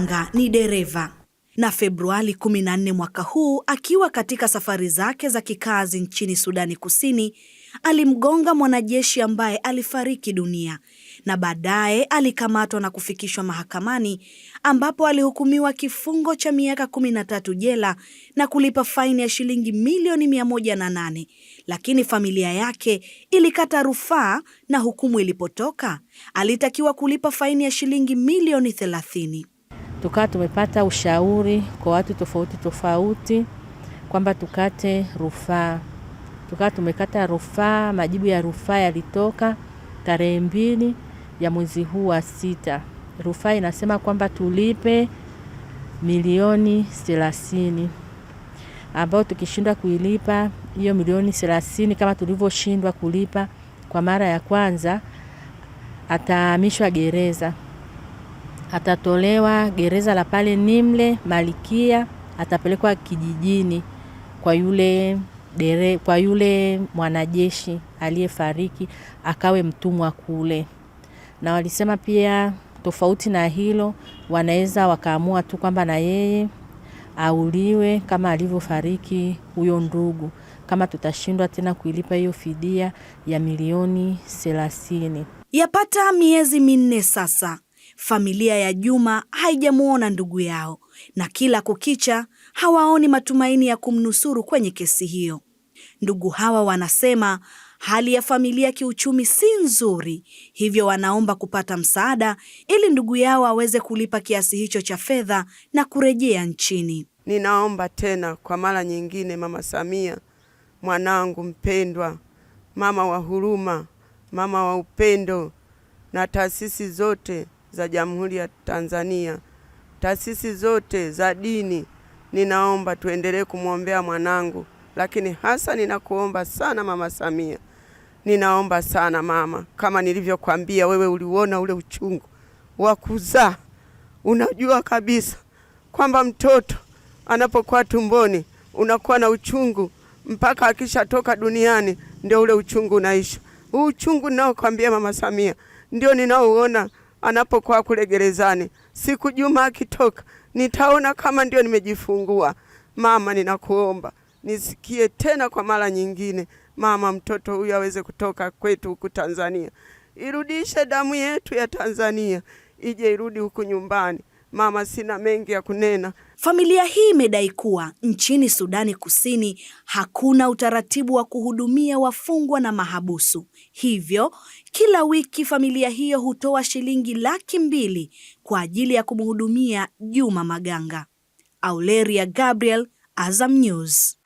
Muranga ni dereva na Februari 14 mwaka huu akiwa katika safari zake za kikazi nchini Sudani Kusini alimgonga mwanajeshi ambaye alifariki dunia na baadaye alikamatwa na kufikishwa mahakamani ambapo alihukumiwa kifungo cha miaka 13 jela na kulipa faini ya shilingi milioni 108, lakini familia yake ilikata rufaa na hukumu ilipotoka alitakiwa kulipa faini ya shilingi milioni 30 tukawa tumepata ushauri kwa watu tofauti tofauti kwamba tukate rufaa. Tukawa tumekata rufaa, majibu ya rufaa yalitoka tarehe mbili ya mwezi huu wa sita. Rufaa inasema kwamba tulipe milioni thelathini ambayo tukishindwa kuilipa hiyo milioni thelathini kama tulivyoshindwa kulipa kwa mara ya kwanza, atahamishwa gereza atatolewa gereza la pale Nimle Malikia, atapelekwa kijijini kwa yule dere, kwa yule mwanajeshi aliyefariki akawe mtumwa kule. Na walisema pia tofauti na hilo, wanaweza wakaamua tu kwamba na yeye auliwe kama alivyofariki huyo ndugu, kama tutashindwa tena kuilipa hiyo fidia ya milioni thelathini. Yapata miezi minne sasa Familia ya Juma haijamuona ndugu yao na kila kukicha hawaoni matumaini ya kumnusuru kwenye kesi hiyo. Ndugu hawa wanasema hali ya familia kiuchumi si nzuri, hivyo wanaomba kupata msaada ili ndugu yao aweze kulipa kiasi hicho cha fedha na kurejea nchini. Ninaomba tena kwa mara nyingine, Mama Samia, mwanangu mpendwa, mama wa huruma, mama wa upendo na taasisi zote za Jamhuri ya Tanzania, taasisi zote za dini, ninaomba tuendelee kumwombea mwanangu, lakini hasa ninakuomba sana Mama Samia, ninaomba sana mama, kama nilivyokwambia wewe, uliuona ule uchungu wa kuzaa, unajua kabisa kwamba mtoto anapokuwa tumboni unakuwa na uchungu mpaka akishatoka duniani, ndio ule uchungu unaisha. Huu uchungu ninaokwambia Mama Samia ndio ninaouona anapokuwa kule gerezani. Siku Juma akitoka, nitaona kama ndio nimejifungua. Mama, ninakuomba nisikie tena kwa mara nyingine, mama, mtoto huyu aweze kutoka kwetu huku Tanzania. Irudishe damu yetu ya Tanzania ije irudi huku nyumbani. Mama, sina mengi ya kunena. Familia hii imedai kuwa nchini Sudani Kusini hakuna utaratibu wa kuhudumia wafungwa na mahabusu, hivyo kila wiki familia hiyo hutoa shilingi laki mbili kwa ajili ya kumhudumia Juma Maganga. Auleria Gabriel, Azam News.